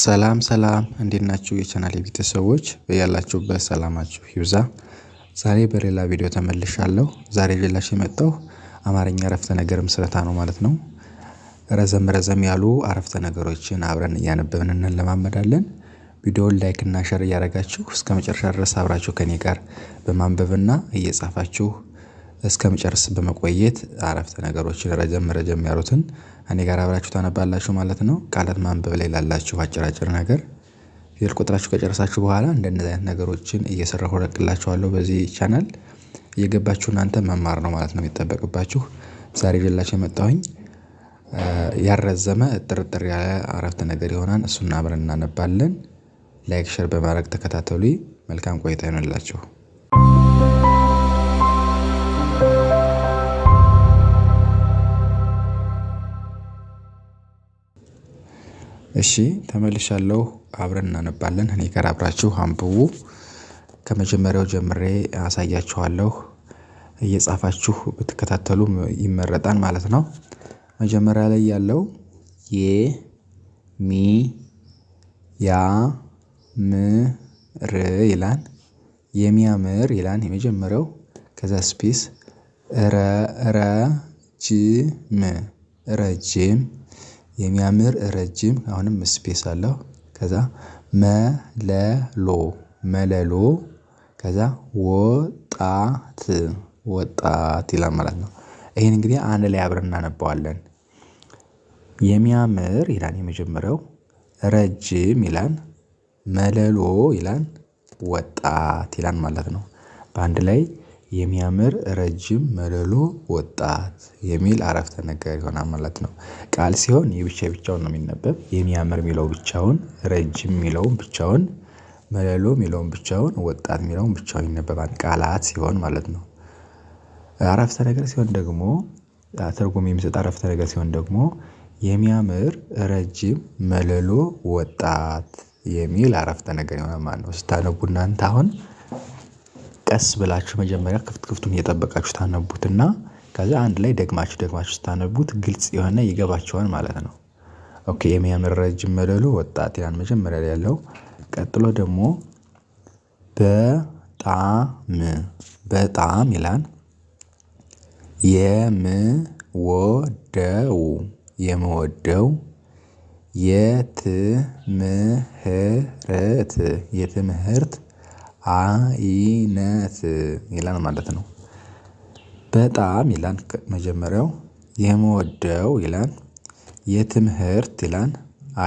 ሰላም ሰላም እንዴት ናችሁ? የቻናል ቤተሰቦች ያላችሁበት ሰላማችሁ ይብዛ። ዛሬ በሌላ ቪዲዮ ተመልሻለሁ። ዛሬ ሌላሽ የመጣው አማርኛ አረፍተ ነገር ምስረታ ነው ማለት ነው። ረዘም ረዘም ያሉ አረፍተ ነገሮችን አብረን እያነበብን እንለማመዳለን። ቪዲዮውን ላይክ እና ሸር እያደረጋችሁ እስከ መጨረሻ ድረስ አብራችሁ ከኔ ጋር በማንበብና እየጻፋችሁ መጨረስ በመቆየት አረፍተ ነገሮችን ረጀም ረጀም ያሉትን እኔ ጋር አብራችሁ ታነባላችሁ ማለት ነው። ቃላት ማንበብ ላይ ላላችሁ አጭር ነገር ፊደል ቁጥራችሁ ከጨረሳችሁ በኋላ እንደነዚህ አይነት ነገሮችን እየሰራሁ እለቅላችኋለሁ በዚህ ቻናል እየገባችሁ እናንተ መማር ነው ማለት ነው የሚጠበቅባችሁ። ዛሬ ይዤላችሁ የመጣሁኝ ያረዘመ ጥርጥር ያለ አረፍተ ነገር ይሆናል። እሱን አብረን እናነባለን። ላይክ ሸር በማድረግ ተከታተሉ። መልካም ቆይታ ይሆንላችሁ። እሺ ተመልሻለሁ አብረን እናነባለን እኔ ጋር አብራችሁ አንብቡ ከመጀመሪያው ጀምሬ አሳያችኋለሁ እየጻፋችሁ ብትከታተሉ ይመረጣል ማለት ነው። መጀመሪያ ላይ ያለው የ ሚ ያ ም ር ይላል የሚያምር ይላል የመጀመሪያው ከዛ ስፔስ ረ ረ ጅ ም ረጅም የሚያምር ረጅም አሁንም ስፔስ አለው ከዛ መለሎ መለሎ ከዛ ወጣት ወጣት ይላል ማለት ነው። ይሄን እንግዲህ አንድ ላይ አብረን እናነባዋለን የሚያምር ይላል የመጀመሪያው ረጅም ይላል መለሎ ይላል ወጣት ይላል ማለት ነው። በአንድ ላይ የሚያምር ረጅም መለሎ ወጣት የሚል አረፍተ ነገር ይሆናል ማለት ነው። ቃል ሲሆን የብቻ ብቻውን ነው የሚነበብ የሚያምር የሚለው ብቻውን ረጅም የሚለውን ብቻውን መለሎ የሚለውን ብቻውን ወጣት የሚለውን ብቻውን ይነበባል ቃላት ሲሆን ማለት ነው። አረፍተ ነገር ሲሆን ደግሞ ትርጉም የሚሰጥ አረፍተ ነገር ሲሆን ደግሞ የሚያምር ረጅም መለሎ ወጣት የሚል አረፍተ ነገር ይሆናል ማለት ነው። ስታነቡ እናንተ አሁን ቀስ ብላችሁ መጀመሪያ ክፍት ክፍቱን እየጠበቃችሁ እና ከዛ አንድ ላይ ደግማችሁ ደግማችሁ ስታነቡት ግልጽ የሆነ ይገባችኋል ማለት ነው። ኦኬ የሚያምር ረጅም መደሉ ወጣት ያን መጀመሪያ ላይ ያለው ቀጥሎ ደግሞ በጣም በጣም ይላል የምወደው የምወደው የትምህርት የትምህርት አይነት ይላል ማለት ነው። በጣም ይላል መጀመሪያው የምወደው ይላል የትምህርት ይላል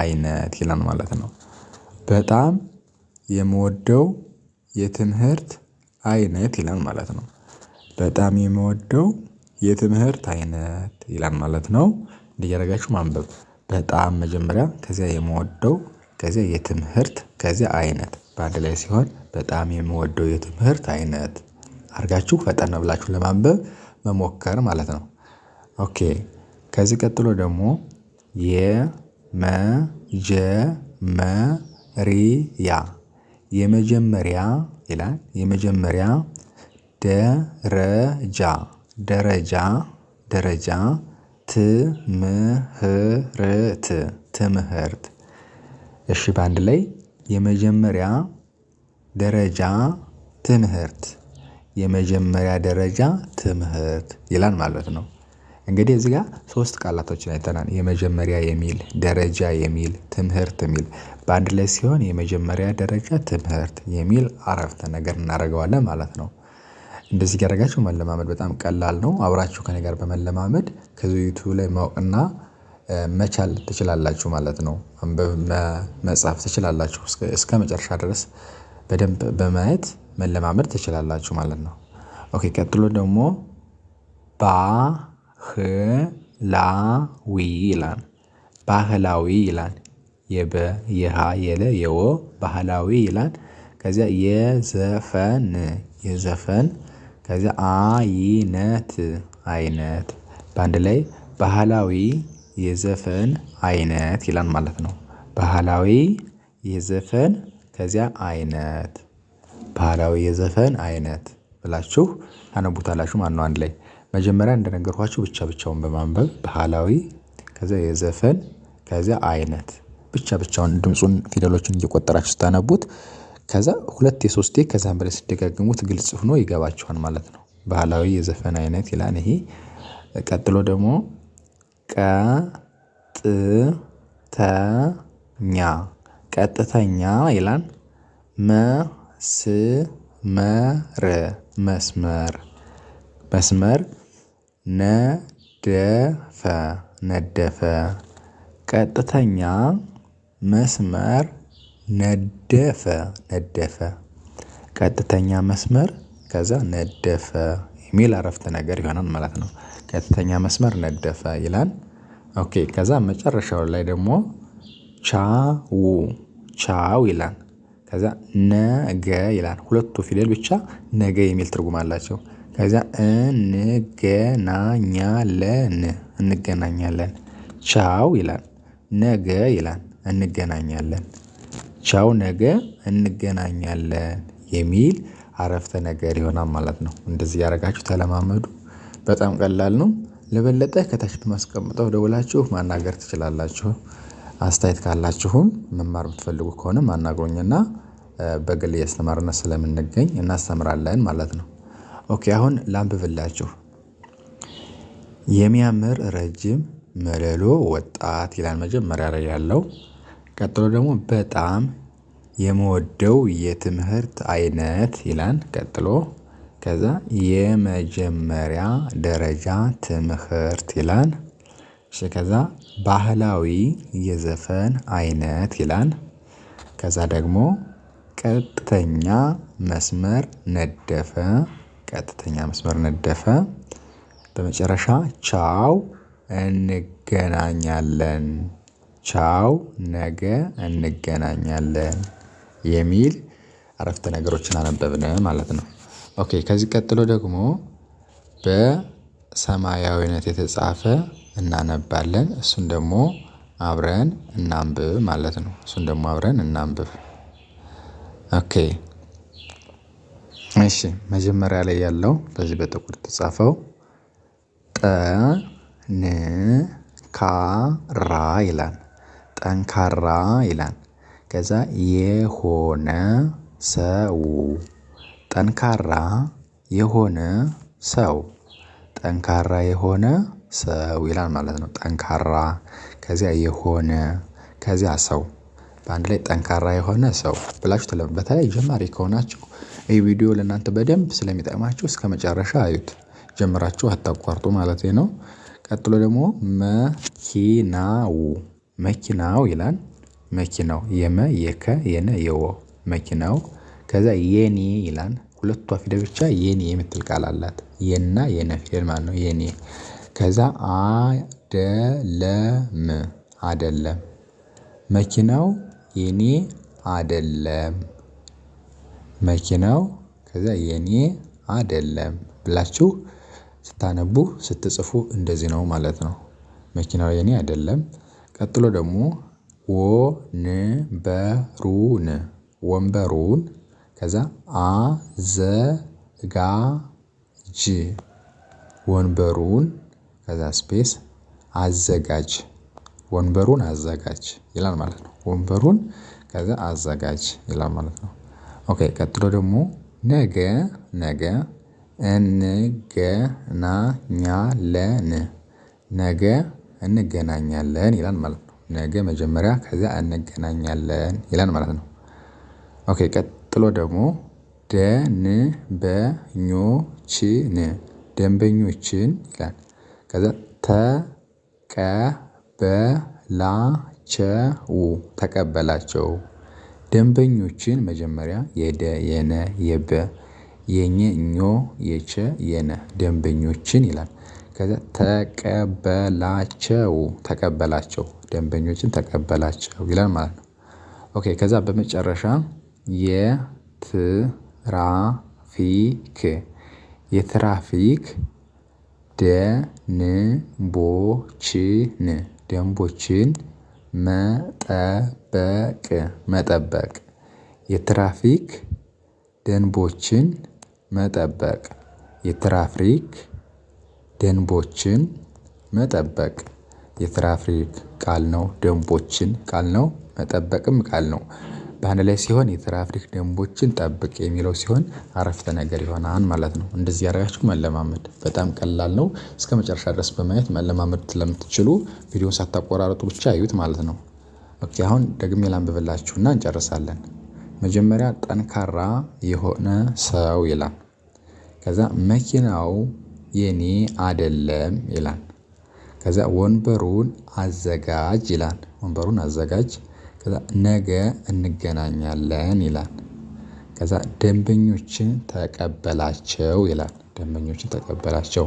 አይነት ይላል ማለት ነው። በጣም የምወደው የትምህርት አይነት ይላል ማለት ነው። በጣም የምወደው የትምህርት አይነት ይላል ማለት ነው። እንዲህ ማንበብ በጣም መጀመሪያ ከዚያ የምወደው ከዚያ የትምህርት ከዚያ አይነት በአንድ ላይ ሲሆን በጣም የምወደው የትምህርት አይነት አድርጋችሁ ፈጠን ብላችሁ ለማንበብ መሞከር ማለት ነው። ኦኬ ከዚህ ቀጥሎ ደግሞ የመጀመሪያ የመጀመሪያ ይላል የመጀመሪያ ደረጃ ደረጃ ደረጃ ትምህርት ትምህርት እሺ በአንድ ላይ የመጀመሪያ ደረጃ ትምህርት የመጀመሪያ ደረጃ ትምህርት ይላል ማለት ነው። እንግዲህ እዚህ ጋር ሶስት ቃላቶችን አይተናል የመጀመሪያ የሚል ደረጃ የሚል ትምህርት የሚል በአንድ ላይ ሲሆን የመጀመሪያ ደረጃ ትምህርት የሚል አረፍተ ነገር እናደርገዋለን ማለት ነው። እንደዚህ እያደረጋችሁ መለማመድ በጣም ቀላል ነው። አብራችሁ ከነገር በመለማመድ ከዚህ ላይ ማወቅና መቻል ትችላላችሁ ማለት ነው። መጻፍ ትችላላችሁ እስከ መጨረሻ ድረስ በደንብ በማየት መለማመድ ትችላላችሁ ማለት ነው። ኦኬ ቀጥሎ ደግሞ ባህላዊ ይላል ባህላዊ ይላል የበ የሃ የለ የወ ባህላዊ ይላል። ከዚያ የዘፈን የዘፈን ከዚያ አይነት አይነት በአንድ ላይ ባህላዊ የዘፈን አይነት ይላል ማለት ነው። ባህላዊ የዘፈን ከዚያ አይነት ባህላዊ የዘፈን አይነት ብላችሁ ታነቡታላችሁ ማን ነው። አንድ ላይ መጀመሪያ እንደነገርኳችሁ ብቻ ብቻውን በማንበብ ባህላዊ ከዚያ የዘፈን ከዚያ አይነት ብቻ ብቻውን ድምፁን ፊደሎችን እየቆጠራችሁ ስታነቡት ከዛ ሁለት የሶስቴ ከዛም በላይ ስደጋግሙት ግልጽ ሆኖ ይገባችኋል ማለት ነው። ባህላዊ የዘፈን አይነት ይላል ይሄ። ቀጥሎ ደግሞ ቀጥተኛ ቀጥተኛ ይላል መስመር መስመር መስመር ነደፈ ነደፈ ቀጥተኛ መስመር ነደፈ ነደፈ ቀጥተኛ መስመር ከዛ ነደፈ የሚል አረፍተ ነገር ይሆናል ማለት ነው ቀጥተኛ መስመር ነደፈ ይላል። ኦኬ ከዛ መጨረሻው ላይ ደግሞ ቻው ቻው ይላል። ከዛ ነገ ይላል። ሁለቱ ፊደል ብቻ ነገ የሚል ትርጉም አላቸው። ከዚያ እንገናኛለን እንገናኛለን። ቻው ይላል። ነገ ይላል። እንገናኛለን። ቻው ነገ እንገናኛለን የሚል አረፍተ ነገር ይሆናል ማለት ነው። እንደዚህ ያደረጋችሁ ተለማመዱ። በጣም ቀላል ነው። ለበለጠ ከታች በማስቀመጠው ደውላችሁ ማናገር ትችላላችሁ። አስተያየት ካላችሁም መማር የምትፈልጉ ከሆነ አናግሩኝና በግል የስተማርነት ስለምንገኝ እናስተምራለን ማለት ነው። ኦኬ አሁን ላንብብላችሁ። የሚያምር ረጅም መለሎ ወጣት ይላል መጀመሪያ ላይ ያለው ቀጥሎ ደግሞ በጣም የምወደው የትምህርት አይነት ይላል ቀጥሎ ከዛ የመጀመሪያ ደረጃ ትምህርት ይላል። እሺ ከዛ ባህላዊ የዘፈን አይነት ይላል። ከዛ ደግሞ ቀጥተኛ መስመር ነደፈ ቀጥተኛ መስመር ነደፈ። በመጨረሻ ቻው እንገናኛለን ቻው ነገ እንገናኛለን የሚል አረፍተ ነገሮችን አነበብን ማለት ነው ኦኬ ከዚህ ቀጥሎ ደግሞ በሰማያዊነት የተጻፈ እናነባለን እሱን ደግሞ አብረን እናንብብ ማለት ነው። እሱን ደግሞ አብረን እናንብብ። ኦኬ እሺ መጀመሪያ ላይ ያለው በዚህ በጥቁር የተጻፈው ጠንካራ ይላል ጠንካራ ይላል። ከዛ የሆነ ሰው ጠንካራ የሆነ ሰው ጠንካራ የሆነ ሰው ይላል ማለት ነው። ጠንካራ ከዚያ የሆነ ከዚያ ሰው በአንድ ላይ ጠንካራ የሆነ ሰው ብላችሁ በተለይ ጀማሪ ከሆናችሁ ይህ ቪዲዮ ለእናንተ በደንብ ስለሚጠቅማችሁ እስከመጨረሻ አዩት ጀምራችሁ አታቋርጡ ማለት ነው። ቀጥሎ ደግሞ መኪናው መኪናው ይላል መኪናው የመ የከ የነ የወ መኪናው ከዛ የኔ ይላል ሁለቷ ፊደል ብቻ የኔ የምትል ቃል አላት የና የነ ፊደል ማለት ነው። የኔ ከዛ አደለም አደለም መኪናው የኔ አደለም መኪናው ከዛ የኔ አደለም ብላችሁ ስታነቡ ስትጽፉ እንደዚህ ነው ማለት ነው። መኪናው የኔ አይደለም። ቀጥሎ ደግሞ ወንበሩን ወንበሩን ከዛ አ ዘ ጋ ጅ ወንበሩን ከዛ ስፔስ አዘጋጅ ወንበሩን አዘጋጅ ይላል ማለት ነው። ወንበሩን ከዛ አዘጋጅ ይላል ማለት ነው። ኦኬ ቀጥሎ ደግሞ ነገ ነገ እንገናኛለን ነገ እንገናኛለን ይላል ማለት ነው። ነገ መጀመሪያ ከዛ እንገናኛለን ይላል ማለት ነው። ኦኬ ቀጥሎ ደግሞ ደንበኞችን ደንበኞችን ይላል። ከዛ ተቀበላቸው ተቀበላቸው ደንበኞችን መጀመሪያ የደ የነ የበ የኘ ኞ የቸ የነ ደንበኞችን ይላል። ከዛ ተቀበላቸው ተቀበላቸው ደንበኞችን ተቀበላቸው ይላል ማለት ነው። ኦኬ ከዛ በመጨረሻ የትራፊክ የትራፊክ ደንቦችን ደንቦችን መጠበቅ መጠበቅ የትራፊክ ደንቦችን መጠበቅ የትራፊክ ደንቦችን መጠበቅ የትራፊክ ቃል ነው ደንቦችን ቃል ነው መጠበቅም ቃል ነው በአንድ ላይ ሲሆን የትራፊክ ደንቦችን ጠብቅ የሚለው ሲሆን አረፍተ ነገር ይሆናል ማለት ነው። እንደዚህ ያደረጋችሁ መለማመድ በጣም ቀላል ነው እስከ መጨረሻ ድረስ በማየት መለማመድ ስለምትችሉ ቪዲዮን ሳታቆራርጡ ብቻ አዩት ማለት ነው። ኦኬ አሁን ደግሜ ላንብብላችሁና እንጨርሳለን። መጀመሪያ ጠንካራ የሆነ ሰው ይላል። ከዛ መኪናው የኔ አይደለም ይላል። ከዛ ወንበሩን አዘጋጅ ይላል። ወንበሩን አዘጋጅ ከዛ ነገ እንገናኛለን ይላል። ከዛ ደንበኞችን ተቀበላቸው ይላል ደንበኞችን ተቀበላቸው።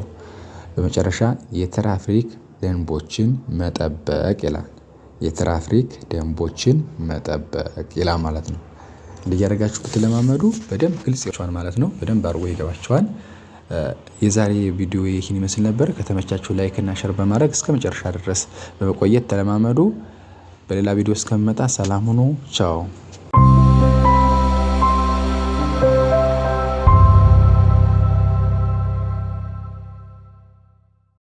በመጨረሻ የትራፊክ ደንቦችን መጠበቅ ይላል የትራፊክ ደንቦችን መጠበቅ ይላል ማለት ነው። እንዲህ ብትለማመዱ በደንብ ግልጽ ይሆናል ማለት ነው። በደንብ አድርጎ ይገባችኋል። የዛሬ ቪዲዮ ይህን ይመስል ነበር። ከተመቻችሁ ላይክ እና ሸር በማድረግ እስከ መጨረሻ ድረስ በመቆየት ተለማመዱ። በሌላ ቪዲዮ እስከምመጣ ሰላም ሁኑ። ቻው